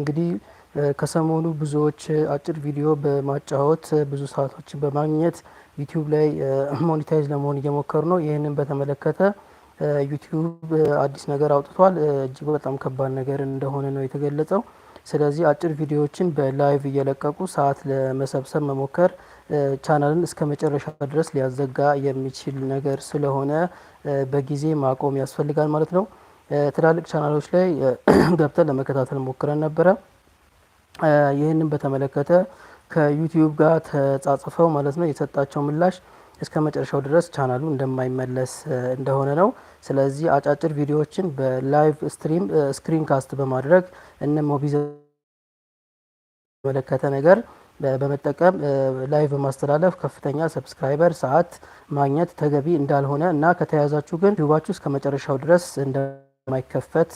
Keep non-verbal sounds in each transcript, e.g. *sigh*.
እንግዲህ ከሰሞኑ ብዙዎች አጭር ቪዲዮ በማጫወት ብዙ ሰዓቶችን በማግኘት ዩቲዩብ ላይ ሞኒታይዝ ለመሆን እየሞከሩ ነው። ይህንን በተመለከተ ዩቲዩብ አዲስ ነገር አውጥቷል። እጅግ በጣም ከባድ ነገር እንደሆነ ነው የተገለጸው። ስለዚህ አጭር ቪዲዮዎችን በላይቭ እየለቀቁ ሰዓት ለመሰብሰብ መሞከር ቻናልን እስከ መጨረሻ ድረስ ሊያዘጋ የሚችል ነገር ስለሆነ በጊዜ ማቆም ያስፈልጋል ማለት ነው። ትላልቅ ቻናሎች ላይ *clears throat* ገብተን ለመከታተል ሞክረን ነበረ። ይህንን በተመለከተ ከዩቲዩብ ጋር ተጻጽፈው ማለት ነው የሰጣቸው ምላሽ እስከ መጨረሻው ድረስ ቻናሉ እንደማይመለስ እንደሆነ ነው። ስለዚህ አጫጭር ቪዲዮዎችን በላይቭ ስትሪም ስክሪን ካስት በማድረግ እነ ሞቢዘ መለከተ ነገር በመጠቀም ላይቭ በማስተላለፍ ከፍተኛ ሰብስክራይበር ሰዓት ማግኘት ተገቢ እንዳልሆነ እና ከተያዛችሁ ግን ዩቲዩባችሁ እስከ መጨረሻው ድረስ እንደ የማይከፈት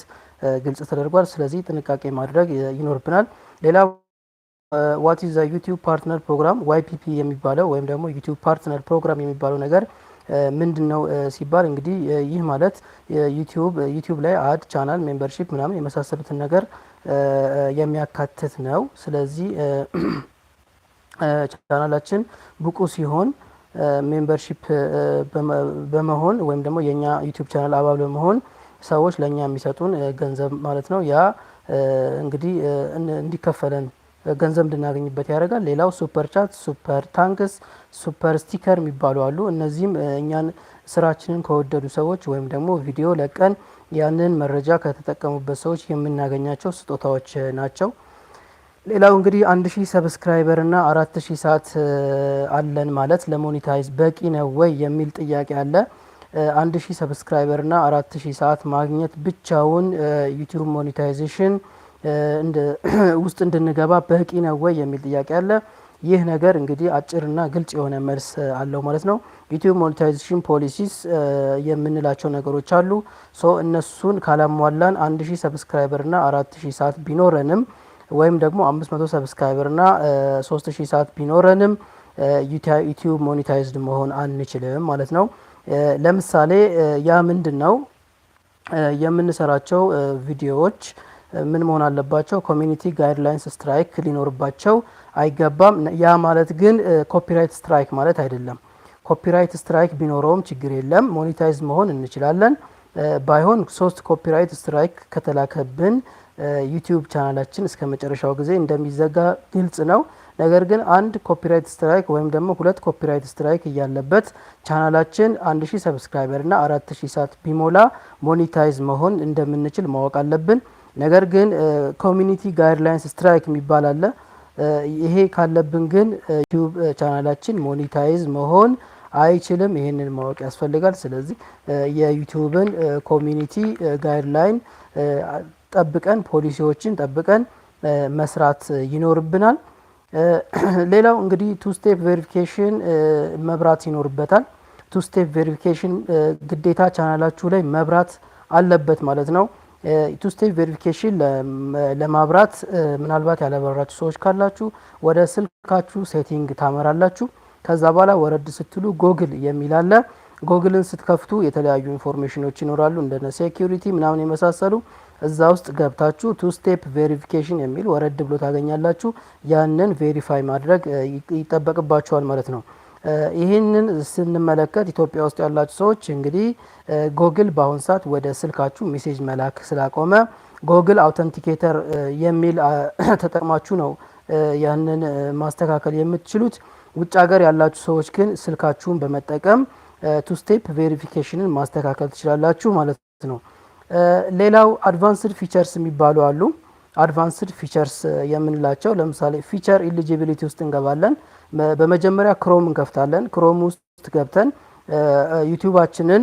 ግልጽ ተደርጓል። ስለዚህ ጥንቃቄ ማድረግ ይኖርብናል። ሌላ ዋት ኢዝ ዩቲዩብ ፓርትነር ፕሮግራም ዋይፒፒ የሚባለው ወይም ደግሞ ዩቲዩብ ፓርትነር ፕሮግራም የሚባለው ነገር ምንድን ነው ሲባል እንግዲህ ይህ ማለት ዩቲዩብ ዩቲዩብ ላይ አድ ቻናል ሜምበርሺፕ ምናምን የመሳሰሉትን ነገር የሚያካትት ነው። ስለዚህ ቻናላችን ብቁ ሲሆን ሜምበርሺፕ በመሆን ወይም ደግሞ የእኛ ዩቲዩብ ቻናል አባል በመሆን ሰዎች ለእኛ የሚሰጡን ገንዘብ ማለት ነው። ያ እንግዲህ እንዲከፈለን ገንዘብ እንድናገኝበት ያደርጋል። ሌላው ሱፐር ቻት፣ ሱፐር ታንክስ፣ ሱፐር ስቲከር የሚባሉ አሉ። እነዚህም እኛን ስራችንን ከወደዱ ሰዎች ወይም ደግሞ ቪዲዮ ለቀን ያንን መረጃ ከተጠቀሙበት ሰዎች የምናገኛቸው ስጦታዎች ናቸው። ሌላው እንግዲህ አንድ ሺህ ሰብስክራይበር እና አራት ሺህ ሰዓት አለን ማለት ለሞኔታይዝ በቂ ነው ወይ የሚል ጥያቄ አለ። አንድ ሺህ ሰብስክራይበር ና አራት ሺህ ሰዓት ማግኘት ብቻውን ዩቲዩብ ሞኔታይዜሽን *clears throat* ውስጥ እንድንገባ በቂ ነው ወይ የሚል ጥያቄ አለ። ይህ ነገር እንግዲህ አጭርና ግልጽ የሆነ መልስ አለው ማለት ነው። ዩቲዩብ ሞኔታይዜሽን ፖሊሲስ የምንላቸው ነገሮች አሉ። ሶ እነሱን ካላሟላን አንድ ሺህ ሰብስክራይበር ና አራት ሺህ ሰዓት ቢኖረንም ወይም ደግሞ አምስት መቶ ሰብስክራይበር ና ሶስት ሺህ ሰዓት ቢኖረንም ዩቲዩብ ሞኔታይዝድ መሆን አንችልም ማለት ነው። ለምሳሌ ያ ምንድን ነው የምንሰራቸው ቪዲዮዎች ምን መሆን አለባቸው? ኮሚኒቲ ጋይድላይንስ ስትራይክ ሊኖርባቸው አይገባም። ያ ማለት ግን ኮፒራይት ስትራይክ ማለት አይደለም። ኮፒራይት ስትራይክ ቢኖረውም ችግር የለም፣ ሞኔታይዝ መሆን እንችላለን። ባይሆን ሶስት ኮፒራይት ስትራይክ ከተላከብን ዩቲዩብ ቻናላችን እስከ መጨረሻው ጊዜ እንደሚዘጋ ግልጽ ነው። ነገር ግን አንድ ኮፒራይት ስትራይክ ወይም ደግሞ ሁለት ኮፒራይት ስትራይክ እያለበት ቻናላችን አንድ ሺህ ሰብስክራይበር እና አራት ሺህ ሰዓት ቢሞላ ሞኒታይዝ መሆን እንደምንችል ማወቅ አለብን። ነገር ግን ኮሚኒቲ ጋይድላይንስ ስትራይክ የሚባል አለ። ይሄ ካለብን ግን ዩቲዩብ ቻናላችን ሞኒታይዝ መሆን አይችልም። ይህንን ማወቅ ያስፈልጋል። ስለዚህ የዩቲዩብን ኮሚኒቲ ጋይድላይን ጠብቀን ፖሊሲዎችን ጠብቀን መስራት ይኖርብናል። *clears throat* ሌላው እንግዲህ ቱ ስቴፕ ቬሪፊኬሽን መብራት ይኖርበታል። ቱ ስቴፕ ቬሪፊኬሽን ግዴታ ቻናላችሁ ላይ መብራት አለበት ማለት ነው። ቱ ስቴፕ ቬሪፊኬሽን ለማብራት ምናልባት ያላበራችሁ ሰዎች ካላችሁ ወደ ስልካችሁ ሴቲንግ ታመራላችሁ። ከዛ በኋላ ወረድ ስትሉ ጎግል የሚል አለ። ጎግልን ስትከፍቱ የተለያዩ ኢንፎርሜሽኖች ይኖራሉ እንደ ሴኪሪቲ ምናምን የመሳሰሉ እዛ ውስጥ ገብታችሁ ቱ ስቴፕ ቬሪፊኬሽን የሚል ወረድ ብሎ ታገኛላችሁ። ያንን ቬሪፋይ ማድረግ ይጠበቅባችኋል ማለት ነው። ይህንን ስንመለከት ኢትዮጵያ ውስጥ ያላችሁ ሰዎች እንግዲህ ጎግል በአሁን ሰዓት ወደ ስልካችሁ ሜሴጅ መላክ ስላቆመ ጎግል አውተንቲኬተር የሚል *clears throat* ተጠቅማችሁ ነው ያንን ማስተካከል የምትችሉት። ውጭ ሀገር ያላችሁ ሰዎች ግን ስልካችሁን በመጠቀም ቱ ስቴፕ ቬሪፊኬሽንን ማስተካከል ትችላላችሁ ማለት ነው። ሌላው አድቫንስድ ፊቸርስ የሚባሉ አሉ። አድቫንስድ ፊቸርስ የምንላቸው ለምሳሌ ፊቸር ኢሊጂቢሊቲ ውስጥ እንገባለን። በመጀመሪያ ክሮም እንከፍታለን። ክሮም ውስጥ ገብተን ዩቲዩባችንን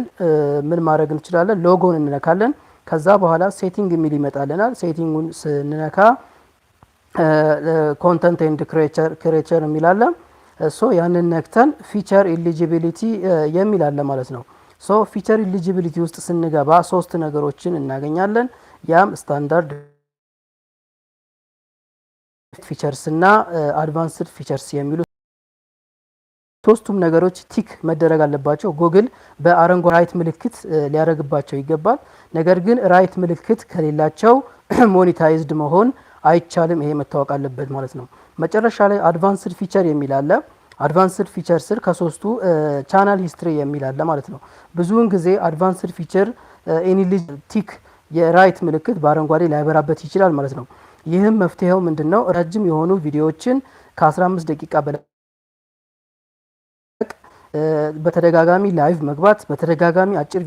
ምን ማድረግ እንችላለን? ሎጎን እንነካለን። ከዛ በኋላ ሴቲንግ የሚል ይመጣልናል። ሴቲንጉን ስንነካ ኮንተንት ኤንድ ክሬቸር የሚላለ እሶ ያንን ነክተን ፊቸር ኢሊጂቢሊቲ የሚላለ ማለት ነው። ሶ ፊቸር ኢሊጂቢሊቲ ውስጥ ስንገባ ሶስት ነገሮችን እናገኛለን። ያም ስታንዳርድ ፊቸርስ እና አድቫንስድ uh, ፊቸርስ የሚሉ ሶስቱም ነገሮች ቲክ መደረግ አለባቸው። ጉግል በአረንጓዴ ራይት ምልክት uh, ሊያደርግባቸው ይገባል። ነገር ግን ራይት ምልክት ከሌላቸው ሞኒታይዝድ *clears throat* መሆን አይቻልም። ይሄ መታወቅ አለበት ማለት ነው። መጨረሻ ላይ አድቫንስድ ፊቸር የሚል አለ። አድቫንስድ ፊቸር ስር ከሶስቱ ቻናል ሂስትሪ የሚል አለ ማለት ነው። ብዙውን ጊዜ አድቫንስድ ፊቸር ኤኒሊጅ ቲክ የራይት ምልክት በአረንጓዴ ላይበራበት ይችላል ማለት ነው። ይህም መፍትሄው ምንድን ነው? ረጅም የሆኑ ቪዲዮዎችን ከ15 ደቂቃ በላይ በተደጋጋሚ ላይቭ መግባት፣ በተደጋጋሚ አጭር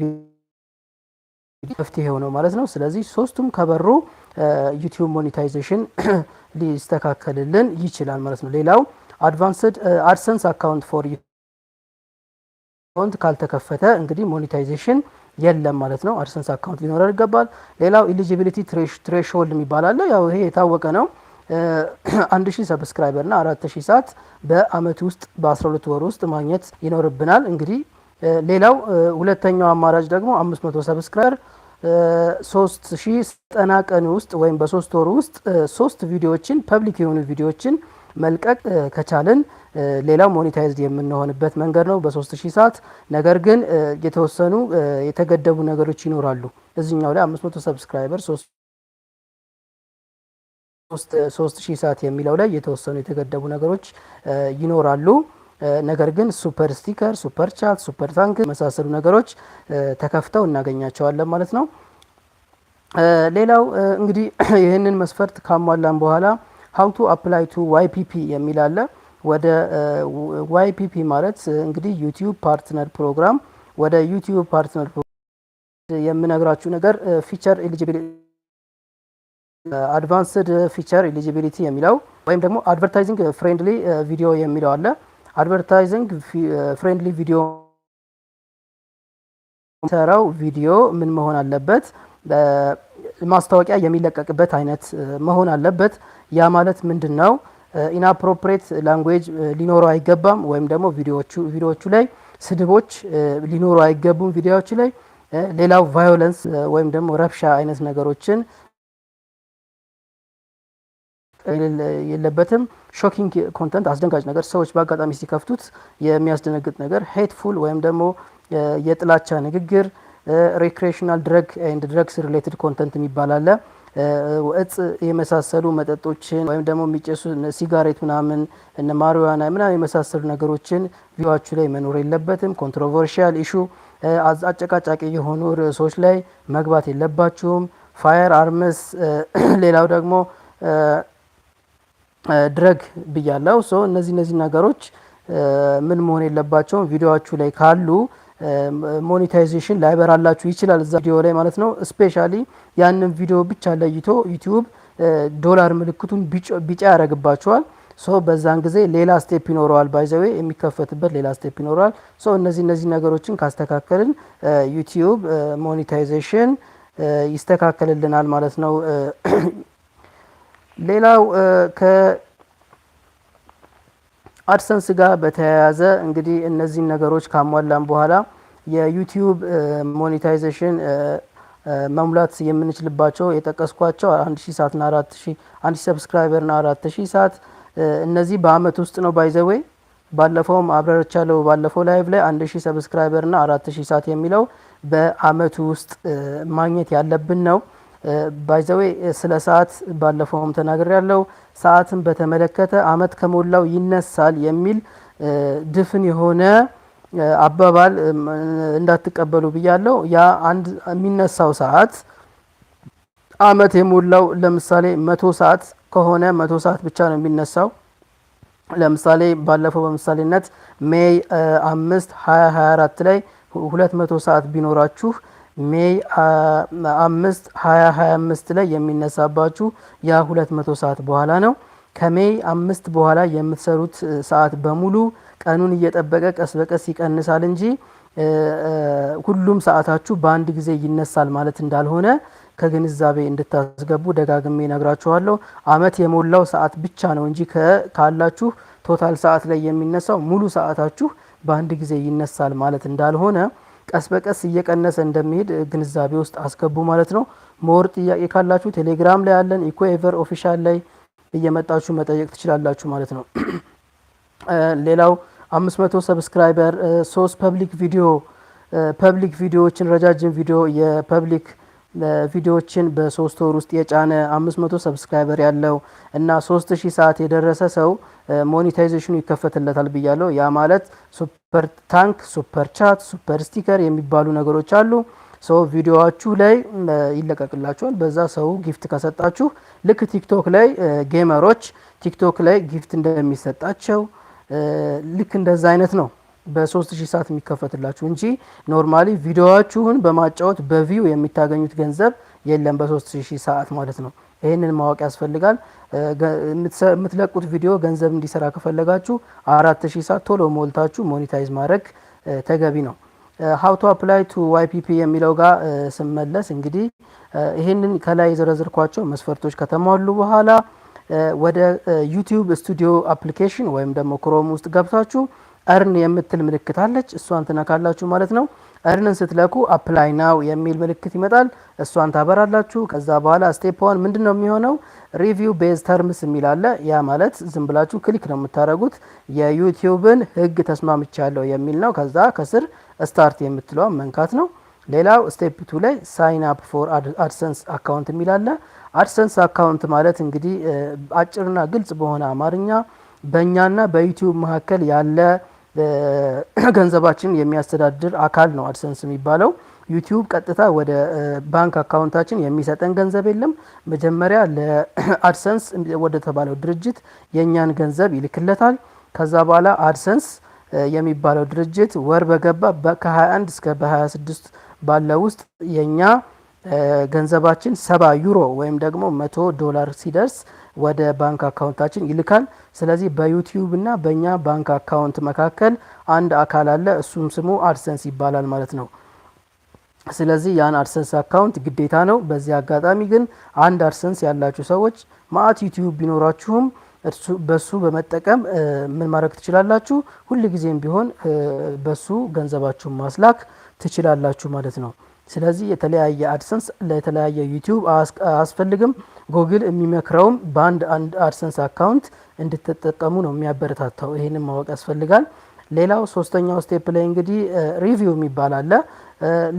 መፍትሄው ነው ማለት ነው። ስለዚህ ሶስቱም ከበሩ ዩቲዩብ ሞኔታይዜሽን *clears throat* ሊስተካከልልን ይችላል ማለት ነው። ሌላው አድቫንስድ አድሰንስ አካውንት ፎር አካውንት ካልተከፈተ እንግዲህ ሞኔታይዜሽን የለም ማለት ነው። አድሰንስ አካውንት ሊኖረን ይገባል። ሌላው ኢሊጂቢሊቲ ትሬሽሆልድ የሚባል አለ። ያው ይሄ የታወቀ ነው። *clears throat* አንድ ሺህ ሰብስክራይበር እና አራት ሺህ ሰዓት በአመት ውስጥ በአስራ ሁለት ወር ውስጥ ማግኘት ይኖርብናል። እንግዲህ ሌላው ሁለተኛው አማራጭ ደግሞ አምስት መቶ ሰብስክራይበር ሶስት ሺህ ዘጠና ቀን ውስጥ ወይም በሶስት ወር ውስጥ ሶስት ቪዲዮዎችን ፐብሊክ የሆኑ ቪዲዮዎችን መልቀቅ ከቻልን ሌላው ሞኔታይዝድ የምንሆንበት መንገድ ነው በ3000 ሰዓት። ነገር ግን የተወሰኑ የተገደቡ ነገሮች ይኖራሉ። እዚኛው ላይ 500 ሰብስክራይበር 3000 ሰዓት የሚለው ላይ የተወሰኑ የተገደቡ ነገሮች ይኖራሉ። ነገር ግን ሱፐር ስቲከር፣ ሱፐር ቻት፣ ሱፐር ታንክ መሳሰሉ ነገሮች ተከፍተው እናገኛቸዋለን ማለት ነው። ሌላው እንግዲህ *clears throat* ይህንን መስፈርት ካሟላን በኋላ ሀው ቱ አፕላይ ቱ ዋይፒፒ የሚል አለ። ወደ ዋይፒፒ ማለት እንግዲህ ዩቲዩብ ፓርትነር ፕሮግራም ወደ ዩቲዩብ ፓርትነር የምነግራችሁ ነገር ፊቸር ኤሊጂቢሊቲ አድቫንስድ ፊቸር ኤሊጂቢሊቲ የሚለው ወይም ደግሞ አድቨርታይዚንግ ፍሬንድሊ ቪዲዮ የሚለው አለ። አድቨርታይዚንግ ፍሬንድሊ ቪዲዮ ሰራው ቪዲዮ ምን መሆን አለበት? ማስታወቂያ የሚለቀቅበት አይነት መሆን አለበት። ያ ማለት ምንድን ነው? ኢናፕሮፕሬት ላንጉዌጅ ሊኖረው አይገባም። ወይም ደግሞ ቪዲዮዎቹ ላይ ስድቦች ሊኖሩ አይገቡም። ቪዲዮዎች ላይ ሌላው ቫዮለንስ ወይም ደግሞ ረብሻ አይነት ነገሮችን የለበትም። ሾኪንግ ኮንተንት አስደንጋጭ ነገር ሰዎች በአጋጣሚ ሲከፍቱት የሚያስደነግጥ ነገር፣ ሄትፉል ወይም ደግሞ የጥላቻ ንግግር ሪክሬሽናል ድረግ ኤንድ ድረግስ ሪሌትድ ኮንተንት የሚባል አለ። እጽ የመሳሰሉ መጠጦችን ወይም ደግሞ የሚጨሱ ሲጋሬት ምናምን እነ ማሪዋና ምናምን የመሳሰሉ ነገሮችን ቪዲዮችሁ ላይ መኖር የለበትም። ኮንትሮቨርሺያል ኢሹ አጨቃጫቂ የሆኑ ርዕሶች ላይ መግባት የለባችሁም። ፋየር አርምስ፣ *clears throat* ሌላው ደግሞ ድረግ ብያለው። ሶ እነዚህ እነዚህ ነገሮች ምን መሆን የለባቸውም ቪዲዮችሁ ላይ ካሉ ሞኔታይዜሽን ላይበራላችሁ ይችላል እዛ ቪዲዮ ላይ ማለት ነው። ስፔሻሊ ያንን ቪዲዮ ብቻ ለይቶ ዩቲዩብ ዶላር ምልክቱን ቢጫ ያደርግባችኋል። ሶ በዛን ጊዜ ሌላ ስቴፕ ይኖረዋል፣ ባይዘዌ የሚከፈትበት ሌላ ስቴፕ ይኖረዋል። ሶ እነዚህ እነዚህ ነገሮችን ካስተካከልን ዩቲዩብ ሞኔታይዜሽን ይስተካከልልናል ማለት ነው። ሌላው ከአድሰንስ ጋር በተያያዘ እንግዲህ እነዚህን ነገሮች ካሟላን በኋላ የዩቲዩብ ሞኔታይዜሽን መሙላት የምንችልባቸው የጠቀስኳቸው ሺ አንድ ሺ ሰብስክራይበር ና አራት ሺ ሰዓት እነዚህ በአመት ውስጥ ነው ባይዘወይ ባለፈውም ያለው ባለፈው ላይቭ ላይ ና ሰብስክራይበርና 4ሺ ሰዓት የሚለው በአመቱ ውስጥ ማግኘት ያለብን ነው። ባይዘዌ ስለ ሰዓት ባለፈውም ተናግር ያለው ሰዓትን በተመለከተ አመት ከሞላው ይነሳል የሚል ድፍን የሆነ አባባል እንዳትቀበሉ ብያለው። ያ አንድ የሚነሳው ሰዓት አመት የሞላው ለምሳሌ መቶ ሰዓት ከሆነ መቶ ሰዓት ብቻ ነው የሚነሳው። ለምሳሌ ባለፈው በምሳሌነት ሜይ አምስት ሀያ ሀያ አራት ላይ ሁለት መቶ ሰዓት ቢኖራችሁ ሜይ አምስት ሀያ ሀያ አምስት ላይ የሚነሳባችሁ ያ ሁለት መቶ ሰዓት በኋላ ነው። ከሜይ አምስት በኋላ የምትሰሩት ሰዓት በሙሉ ቀኑን እየጠበቀ ቀስ በቀስ ይቀንሳል እንጂ ሁሉም ሰዓታችሁ በአንድ ጊዜ ይነሳል ማለት እንዳልሆነ ከግንዛቤ እንድታስገቡ ደጋግሜ ነግራችኋለሁ። አመት የሞላው ሰዓት ብቻ ነው እንጂ ካላችሁ ቶታል ሰዓት ላይ የሚነሳው ሙሉ ሰዓታችሁ በአንድ ጊዜ ይነሳል ማለት እንዳልሆነ ቀስ በቀስ እየቀነሰ እንደሚሄድ ግንዛቤ ውስጥ አስገቡ ማለት ነው። ሞር ጥያቄ ካላችሁ ቴሌግራም ላይ ያለን ኢኮኤቨር ኦፊሻል ላይ እየመጣችሁ መጠየቅ ትችላላችሁ ማለት ነው። *clears throat* ሌላው 500 ሰብስክራይበር፣ ሶስት ፐብሊክ ቪዲዮ ፐብሊክ ቪዲዮዎችን ረጃጅም ቪዲዮ የፐብሊክ ቪዲዮዎችን በሶስት ወር ውስጥ የጫነ 5መቶ ሰብስክራይበር ያለው እና ሺህ ሰዓት የደረሰ ሰው ሞኔታይዜሽኑ ይከፈትለታል ብያለው። ያ ማለት ሱፐር ታንክ፣ ሱፐር ቻት፣ ሱፐር ስቲከር የሚባሉ ነገሮች አሉ። ሰው ቪዲዮዋችሁ ላይ ይለቀቅላችኋል። በዛ ሰው ጊፍት ከሰጣችሁ ልክ ቲክቶክ ላይ ጌመሮች ቲክቶክ ላይ ጊፍት እንደሚሰጣቸው ልክ እንደዛ አይነት ነው በሶስት ሺህ ሰዓት የሚከፈትላችሁ እንጂ ኖርማሊ ቪዲዮዎችሁን በማጫወት በቪው የሚታገኙት ገንዘብ የለም በ3000 ሰዓት ማለት ነው። ይህንን ማወቅ ያስፈልጋል። የምትለቁት ቪዲዮ ገንዘብ እንዲሰራ ከፈለጋችሁ አራት ሰዓት ቶሎ ሞልታችሁ ሞኒታይዝ ማድረግ ተገቢ ነው። ሀው ቱ አፕላይ ቱ ዋይፒፒ የሚለው ጋር ስመለስ እንግዲህ ይህንን ከላይ የዘረዘርኳቸው መስፈርቶች ከተሟሉ በኋላ ወደ ዩቲዩብ ስቱዲዮ አፕሊኬሽን ወይም ደግሞ ክሮም ውስጥ ገብታችሁ እርን የምትል ምልክት አለች። እሷን ትነካላችሁ ማለት ነው። እርንን ስትለኩ አፕላይ ናው የሚል ምልክት ይመጣል። እሷን ታበራላችሁ። ከዛ በኋላ ስቴፕ ዋን ምንድን ነው የሚሆነው? ሪቪው ቤዝ ተርምስ የሚል አለ። ያ ማለት ዝም ብላችሁ ክሊክ ነው የምታደርጉት። የዩቲዩብን ህግ ተስማምቻለሁ የሚል ነው። ከዛ ከስር ስታርት የምትለዋ መንካት ነው። ሌላው ስቴፕ ቱ ላይ ሳይን አፕ ፎር አድሰንስ አካውንት የሚላለ አድሰንስ አካውንት ማለት እንግዲህ አጭርና ግልጽ በሆነ አማርኛ በእኛና በዩቲዩብ መካከል ያለ ገንዘባችን የሚያስተዳድር አካል ነው አድሰንስ የሚባለው። ዩቲዩብ ቀጥታ ወደ ባንክ አካውንታችን የሚሰጠን ገንዘብ የለም። መጀመሪያ ለአድሰንስ *clears throat* ወደ ተባለው ድርጅት የእኛን ገንዘብ ይልክለታል። ከዛ በኋላ አድሰንስ የሚባለው ድርጅት ወር በገባ ከ21 እስከ በ26 ባለ ውስጥ የእኛ ገንዘባችን ሰባ ዩሮ ወይም ደግሞ መቶ ዶላር ሲደርስ ወደ ባንክ አካውንታችን ይልካል። ስለዚህ በዩቲዩብ እና በእኛ ባንክ አካውንት መካከል አንድ አካል አለ። እሱም ስሙ አድሰንስ ይባላል ማለት ነው። ስለዚህ ያን አድሰንስ አካውንት ግዴታ ነው። በዚህ አጋጣሚ ግን አንድ አድሰንስ ያላችሁ ሰዎች ማአት ዩቲዩብ ቢኖራችሁም በሱ በመጠቀም ምን ማድረግ ትችላላችሁ? ጊዜም ቢሆን በሱ ገንዘባችሁን ማስላክ ትችላላችሁ ማለት ነው። ስለዚህ የተለያየ አድሰንስ ለተለያየ ዩቲዩብ አያስፈልግም። ጉግል የሚመክረውም በአንድ አንድ አድሰንስ አካውንት እንድትጠቀሙ ነው የሚያበረታታው። ይህንም ማወቅ ያስፈልጋል። ሌላው ሶስተኛው ስቴፕ ላይ እንግዲህ ሪቪው የሚባል አለ።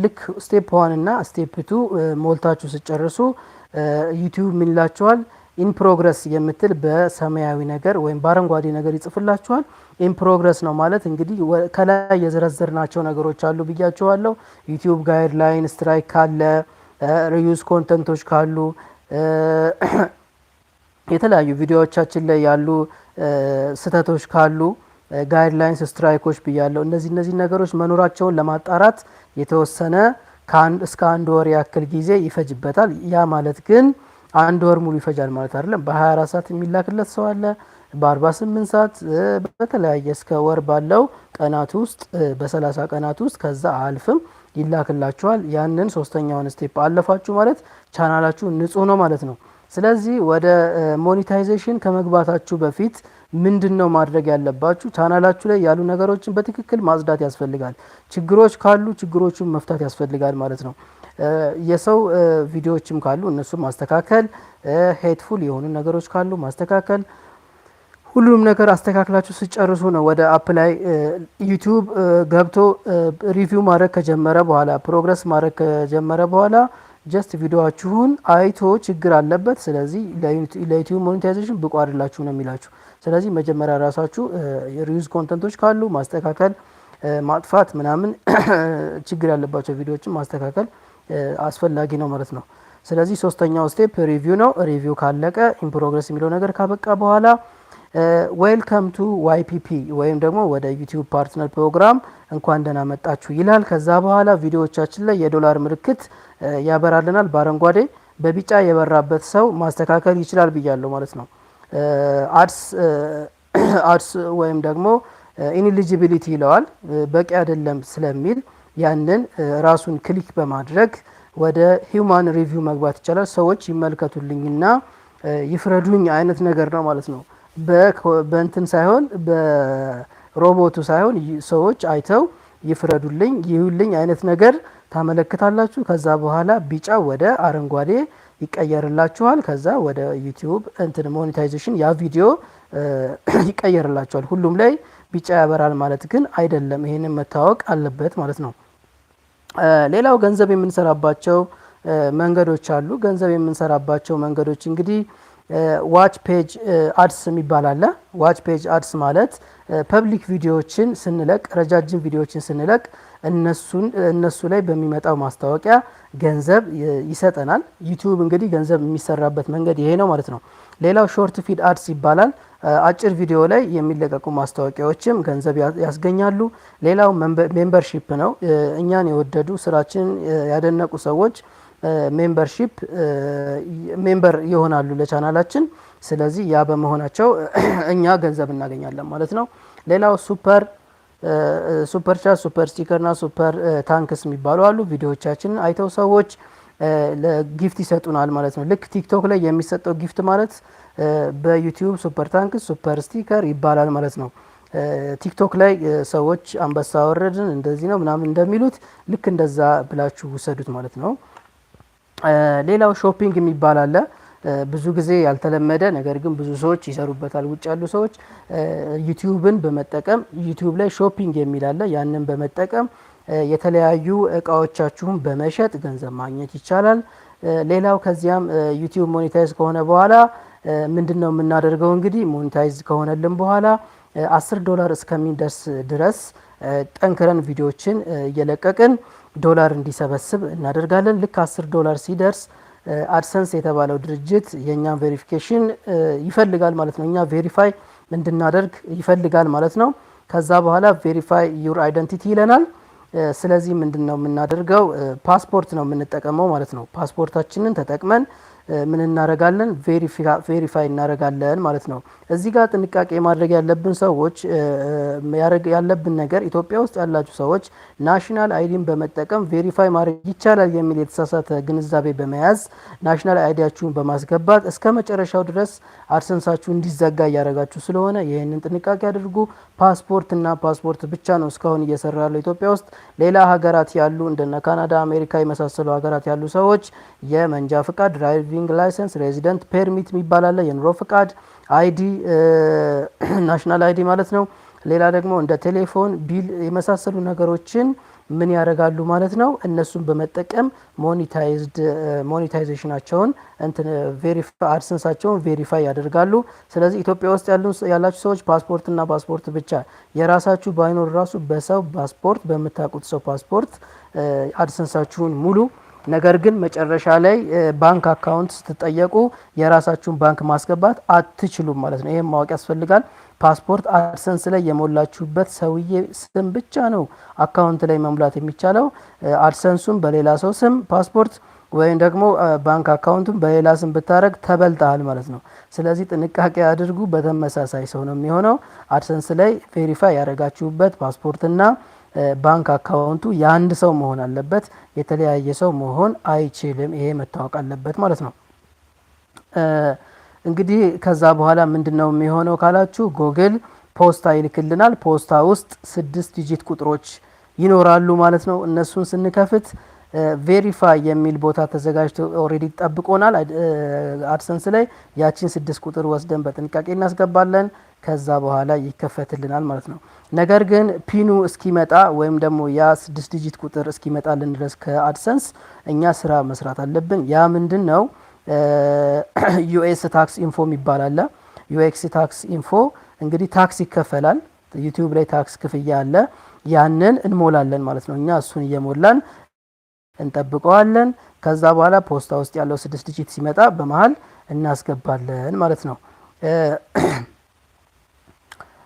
ልክ ስቴፕ ዋን እና ስቴፕ ቱ ሞልታችሁ ስጨርሱ ዩቲዩብ ምን ይላችኋል? ኢንፕሮግረስ የምትል በሰማያዊ ነገር ወይም በአረንጓዴ ነገር ይጽፍላችኋል። ኢንፕሮግረስ ነው ማለት እንግዲህ ከላይ የዘረዘርናቸው ነገሮች አሉ ብያችኋለሁ። ዩቲዩብ ጋይድላይን ስትራይክ ካለ፣ ሪዩዝ ኮንተንቶች ካሉ፣ *clears throat* የተለያዩ ቪዲዮዎቻችን ላይ ያሉ ስህተቶች ካሉ ጋይድላይንስ ስትራይኮች ብያለሁ። እነዚህ እነዚህ ነገሮች መኖራቸውን ለማጣራት የተወሰነ እስከ አንድ ወር ያክል ጊዜ ይፈጅበታል። ያ ማለት ግን አንድ ወር ሙሉ ይፈጃል ማለት አይደለም። በ24 ሰዓት የሚላክለት ሰው አለ። በ48 ሰዓት በተለያየ እስከ ወር ባለው ቀናት ውስጥ በ30 ቀናት ውስጥ ከዛ አልፍም ይላክላችኋል። ያንን ሶስተኛውን ስቴፕ አለፋችሁ ማለት ቻናላችሁ ንጹህ ነው ማለት ነው። ስለዚህ ወደ ሞኔታይዜሽን ከመግባታችሁ በፊት ምንድን ነው ማድረግ ያለባችሁ? ቻናላችሁ ላይ ያሉ ነገሮችን በትክክል ማጽዳት ያስፈልጋል። ችግሮች ካሉ ችግሮቹን መፍታት ያስፈልጋል ማለት ነው። የሰው ቪዲዮዎችም ካሉ እነሱ ማስተካከል፣ ሄትፉል የሆኑ ነገሮች ካሉ ማስተካከል። ሁሉም ነገር አስተካክላችሁ ስጨርሱ ነው ወደ አፕ ላይ ዩቲዩብ ገብቶ ሪቪው ማድረግ ከጀመረ በኋላ ፕሮግረስ ማድረግ ከጀመረ በኋላ ጀስት ቪዲዮችሁን አይቶ ችግር አለበት፣ ስለዚህ ለዩቲዩብ ሞኔታይዜሽን ብቁ አይደላችሁ ነው የሚላችሁ። ስለዚህ መጀመሪያ ራሳችሁ ሪዩዝ ኮንተንቶች ካሉ ማስተካከል፣ ማጥፋት ምናምን *clears throat* ችግር ያለባቸው ቪዲዮዎችን ማስተካከል አስፈላጊ ነው ማለት ነው። ስለዚህ ሶስተኛው ስቴፕ ሪቪው ነው። ሪቪው ካለቀ ኢን ፕሮግረስ የሚለው ነገር ካበቃ በኋላ ዌልከም ቱ ዋይፒፒ ወይም ደግሞ ወደ ዩቲዩብ ፓርትነር ፕሮግራም እንኳን ደህና መጣችሁ ይላል። ከዛ በኋላ ቪዲዮዎቻችን ላይ የዶላር ምልክት ያበራልናል። በአረንጓዴ በቢጫ የበራበት ሰው ማስተካከል ይችላል ብያለሁ ማለት ነው። አድስ ወይም ደግሞ ኢንኤሊጂቢሊቲ ይለዋል በቂ አይደለም ስለሚል ያንን ራሱን ክሊክ በማድረግ ወደ ሂውማን ሪቪው መግባት ይቻላል። ሰዎች ይመልከቱልኝና ይፍረዱኝ አይነት ነገር ነው ማለት ነው። በእንትን ሳይሆን በሮቦቱ ሳይሆን ሰዎች አይተው ይፍረዱልኝ ይሁልኝ አይነት ነገር ታመለክታላችሁ። ከዛ በኋላ ቢጫ ወደ አረንጓዴ ይቀየርላችኋል። ከዛ ወደ ዩቲዩብ እንትን ሞኔታይዜሽን ያ ቪዲዮ *clears throat* ይቀየርላችኋል። ሁሉም ላይ ቢጫ ያበራል ማለት ግን አይደለም። ይሄንን መታወቅ አለበት ማለት ነው። ሌላው ገንዘብ የምንሰራባቸው መንገዶች አሉ። ገንዘብ የምንሰራባቸው መንገዶች እንግዲህ ዋች ፔጅ አድስ የሚባል አለ። ዋች ፔጅ አድስ ማለት ፐብሊክ ቪዲዮዎችን ስንለቅ፣ ረጃጅም ቪዲዮዎችን ስንለቅ እነሱ ላይ በሚመጣው ማስታወቂያ ገንዘብ ይሰጠናል። ዩቲዩብ እንግዲህ ገንዘብ የሚሰራበት መንገድ ይሄ ነው ማለት ነው። ሌላው ሾርት ፊድ አድስ ይባላል። አጭር ቪዲዮ ላይ የሚለቀቁ ማስታወቂያዎችም ገንዘብ ያስገኛሉ። ሌላው ሜምበርሺፕ ነው። እኛን የወደዱ ስራችንን ያደነቁ ሰዎች ሜምበርሺፕ ሜምበር ይሆናሉ ለቻናላችን። ስለዚህ ያ በመሆናቸው *clears throat* እኛ ገንዘብ እናገኛለን ማለት ነው። ሌላው ሱፐር ሱፐር ቻት፣ ሱፐር ስቲከርና ሱፐር ታንክስ የሚባሉ አሉ። ቪዲዮዎቻችንን አይተው ሰዎች ለጊፍት ይሰጡናል ማለት ነው። ልክ ቲክቶክ ላይ የሚሰጠው ጊፍት ማለት በዩቲዩብ ሱፐር ታንክስ፣ ሱፐር ስቲከር ይባላል ማለት ነው። ቲክቶክ ላይ ሰዎች አንበሳ ወረድን እንደዚህ ነው ምናምን እንደሚሉት ልክ እንደዛ ብላችሁ ውሰዱት ማለት ነው። ሌላው ሾፒንግ የሚባል አለ። ብዙ ጊዜ ያልተለመደ ነገር ግን ብዙ ሰዎች ይሰሩበታል። ውጭ ያሉ ሰዎች ዩቲዩብን በመጠቀም ዩቲዩብ ላይ ሾፒንግ የሚል አለ። ያንን በመጠቀም የተለያዩ እቃዎቻችሁን በመሸጥ ገንዘብ ማግኘት ይቻላል። ሌላው ከዚያም ዩቲዩብ ሞኔታይዝ ከሆነ በኋላ ምንድን ነው የምናደርገው? እንግዲህ ሞኔታይዝ ከሆነልን በኋላ አስር ዶላር እስከሚደርስ ድረስ ጠንክረን ቪዲዮዎችን እየለቀቅን ዶላር እንዲሰበስብ እናደርጋለን። ልክ 10 ዶላር ሲደርስ አድሰንስ የተባለው ድርጅት የእኛን ቬሪፊኬሽን ይፈልጋል ማለት ነው። እኛ ቬሪፋይ እንድናደርግ ይፈልጋል ማለት ነው። ከዛ በኋላ ቬሪፋይ ዩር አይደንቲቲ ይለናል። ስለዚህ ምንድን ነው የምናደርገው? ፓስፖርት ነው የምንጠቀመው ማለት ነው። ፓስፖርታችንን ተጠቅመን ምን እናደረጋለን ቬሪፋይ እናደረጋለን ማለት ነው። እዚህ ጋር ጥንቃቄ ማድረግ ያለብን ሰዎች ያለብን ነገር ኢትዮጵያ ውስጥ ያላችሁ ሰዎች ናሽናል አይዲን በመጠቀም ቬሪፋይ ማድረግ ይቻላል የሚል የተሳሳተ ግንዛቤ በመያዝ ናሽናል አይዲያችሁን በማስገባት እስከ መጨረሻው ድረስ አድሰንሳችሁ እንዲዘጋ እያደረጋችሁ ስለሆነ ይህንን ጥንቃቄ አድርጉ። ፓስፖርትና ፓስፖርት ብቻ ነው እስካሁን እየሰራ ያለው ኢትዮጵያ ውስጥ። ሌላ ሀገራት ያሉ እንደነ ካናዳ፣ አሜሪካ የመሳሰሉ ሀገራት ያሉ ሰዎች የመንጃ ፍቃድ ድራይቪ ድራይቪንግ ላይሰንስ፣ ሬዚደንት ፐርሚት የሚባል አለ፣ የኑሮ ፍቃድ አይዲ፣ ናሽናል አይዲ ማለት ነው። ሌላ ደግሞ እንደ ቴሌፎን ቢል የመሳሰሉ ነገሮችን ምን ያደርጋሉ ማለት ነው። እነሱን በመጠቀም ሞኔታይዜሽናቸውን አድሰንሳቸውን ቬሪፋይ ያደርጋሉ። ስለዚህ ኢትዮጵያ ውስጥ ያላችሁ ሰዎች ፓስፖርትና ፓስፖርት ብቻ የራሳችሁ ባይኖር ራሱ በሰው ፓስፖርት በምታውቁት ሰው ፓስፖርት አድሰንሳችሁን ሙሉ ነገር ግን መጨረሻ ላይ ባንክ አካውንት ስትጠየቁ የራሳችሁን ባንክ ማስገባት አትችሉም ማለት ነው። ይህም ማወቅ ያስፈልጋል። ፓስፖርት አድሰንስ ላይ የሞላችሁበት ሰውዬ ስም ብቻ ነው አካውንት ላይ መሙላት የሚቻለው። አድሰንሱም በሌላ ሰው ስም ፓስፖርት ወይም ደግሞ ባንክ አካውንቱን በሌላ ስም ብታደረግ ተበልጠሃል ማለት ነው። ስለዚህ ጥንቃቄ አድርጉ። በተመሳሳይ ሰው ነው የሚሆነው። አድሰንስ ላይ ቬሪፋይ ያደረጋችሁበት ፓስፖርትና ባንክ አካውንቱ የአንድ ሰው መሆን አለበት። የተለያየ ሰው መሆን አይችልም። ይሄ መታወቅ አለበት ማለት ነው። እንግዲህ ከዛ በኋላ ምንድን ነው የሚሆነው ካላችሁ ጎግል ፖስታ ይልክልናል። ፖስታ ውስጥ ስድስት ዲጂት ቁጥሮች ይኖራሉ ማለት ነው። እነሱን ስንከፍት ቬሪፋይ የሚል ቦታ ተዘጋጅቶ ኦልሬዲ ጠብቆናል። አድሰንስ ላይ ያችን ስድስት ቁጥር ወስደን በጥንቃቄ እናስገባለን። ከዛ በኋላ ይከፈትልናል ማለት ነው። ነገር ግን ፒኑ እስኪመጣ ወይም ደግሞ ያ ስድስት ዲጂት ቁጥር እስኪመጣልን ድረስ ከአድሰንስ እኛ ስራ መስራት አለብን። ያ ምንድን ነው? ዩኤስ ታክስ ኢንፎ ይባላል። ዩኤክስ ታክስ ኢንፎ እንግዲህ ታክስ ይከፈላል። ዩቲዩብ ላይ ታክስ ክፍያ አለ። ያንን እንሞላለን ማለት ነው። እኛ እሱን እየሞላን እንጠብቀዋለን። ከዛ በኋላ ፖስታ ውስጥ ያለው ስድስት ዲጂት ሲመጣ በመሀል እናስገባለን ማለት ነው። *clears throat*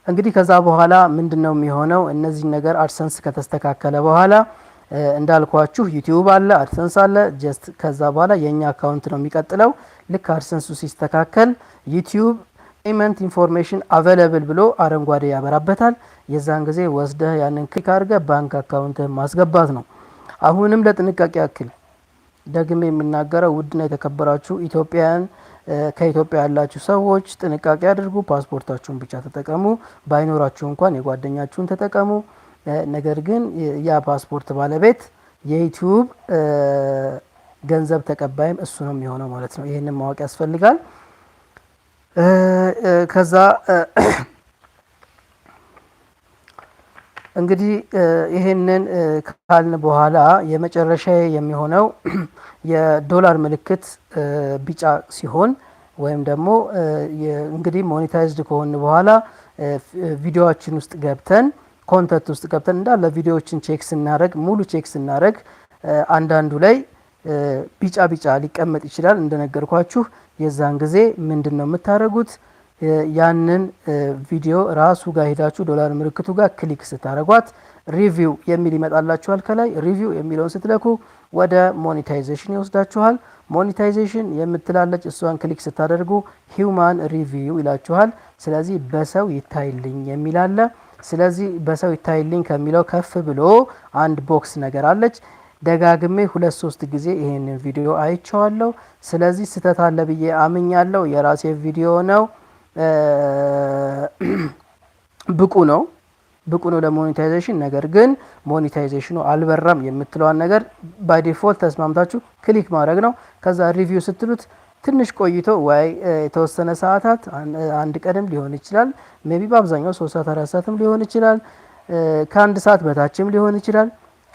እንግዲህ ከዛ በኋላ ምንድን ነው የሚሆነው? እነዚህ ነገር አድሰንስ ከተስተካከለ በኋላ እንዳልኳችሁ ዩቲዩብ አለ፣ አድሰንስ አለ። ጀስት ከዛ በኋላ የእኛ አካውንት ነው የሚቀጥለው። ልክ አድሰንሱ ሲስተካከል ዩቲዩብ ፔመንት ኢንፎርሜሽን አቬለብል ብሎ አረንጓዴ ያበራበታል። የዛን ጊዜ ወስደህ ያንን ክሊክ አድርገህ ባንክ አካውንትህ ማስገባት ነው። አሁንም ለጥንቃቄ ያክል ደግሜ የምናገረው ውድና የተከበራችሁ ኢትዮጵያውያን ከኢትዮጵያ ያላችሁ ሰዎች ጥንቃቄ አድርጉ። ፓስፖርታችሁን ብቻ ተጠቀሙ። ባይኖራችሁ እንኳን የጓደኛችሁን ተጠቀሙ። ነገር ግን ያ ፓስፖርት ባለቤት የዩቲዩብ ገንዘብ ተቀባይም እሱ ነው የሚሆነው ማለት ነው። ይህንን ማወቅ ያስፈልጋል። ከዛ እንግዲህ ይህንን ካልን በኋላ የመጨረሻ የሚሆነው *clears throat* የዶላር ምልክት ቢጫ ሲሆን ወይም ደግሞ እንግዲህ ሞኔታይዝድ ከሆን በኋላ ቪዲዮዎችን ውስጥ ገብተን ኮንተንት ውስጥ ገብተን እንዳለ ቪዲዮዎችን ቼክ ስናደረግ ሙሉ ቼክ ስናደረግ አንዳንዱ ላይ ቢጫ ቢጫ ሊቀመጥ ይችላል። እንደነገርኳችሁ የዛን ጊዜ ምንድን ነው የምታደርጉት? ያንን ቪዲዮ ራሱ ጋር ሄዳችሁ ዶላር ምልክቱ ጋር ክሊክ ስታደረጓት ሪቪው የሚል ይመጣላችኋል። ከላይ ሪቪው የሚለውን ስትለኩ ወደ ሞኔታይዜሽን ይወስዳችኋል። ሞኔታይዜሽን የምትላለች እሷን ክሊክ ስታደርጉ ሂውማን ሪቪው ይላችኋል። ስለዚህ በሰው ይታይልኝ የሚል አለ። ስለዚህ በሰው ይታይልኝ ከሚለው ከፍ ብሎ አንድ ቦክስ ነገር አለች። ደጋግሜ ሁለት ሶስት ጊዜ ይህንን ቪዲዮ አይቸዋለሁ። ስለዚህ ስህተት አለ ብዬ አምኛለሁ። የራሴ ቪዲዮ ነው። *clears throat* ብቁ ነው ብቁ ነው ለሞኔታይዜሽን። ነገር ግን ሞኔታይዜሽኑ አልበራም የምትለዋን ነገር ባይ ዲፎልት ተስማምታችሁ ክሊክ ማድረግ ነው። ከዛ ሪቪው ስትሉት ትንሽ ቆይቶ ወይ የተወሰነ ሰዓታት አንድ ቀንም ሊሆን ይችላል ሜቢ በአብዛኛው ሶስት ሰዓት አራት ሰዓትም ሊሆን ይችላል ከአንድ ሰዓት በታችም ሊሆን ይችላል።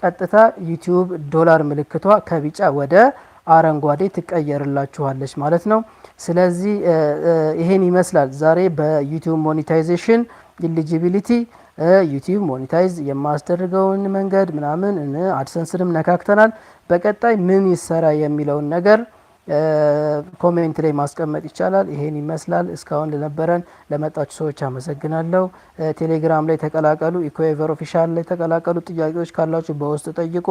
ቀጥታ ዩቲዩብ ዶላር ምልክቷ ከቢጫ ወደ አረንጓዴ ትቀየርላችኋለች ማለት ነው። ስለዚህ ይሄን ይመስላል ዛሬ በዩቲዩብ ሞኔታይዜሽን ኢሊጂቢሊቲ ዩቲዩብ ሞኔታይዝ የማስደርገውን መንገድ ምናምን አድሰንስንም ነካክተናል። በቀጣይ ምን ይሰራ የሚለውን ነገር ኮሜንት ላይ ማስቀመጥ ይቻላል። ይሄን ይመስላል። እስካሁን ለነበረን ለመጣችሁ ሰዎች አመሰግናለሁ። ቴሌግራም ላይ ተቀላቀሉ፣ ኢኮቨር ኦፊሻል ላይ ተቀላቀሉ። ጥያቄዎች ካላችሁ በውስጥ ጠይቁ።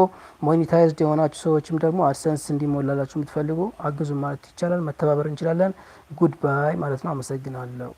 ሞኒታይዝድ የሆናችሁ ሰዎችም ደግሞ አድሰንስ እንዲሞላላችሁ የምትፈልጉ አግዙ ማለት ይቻላል። መተባበር እንችላለን። ጉድ ባይ ማለት ነው። አመሰግናለሁ።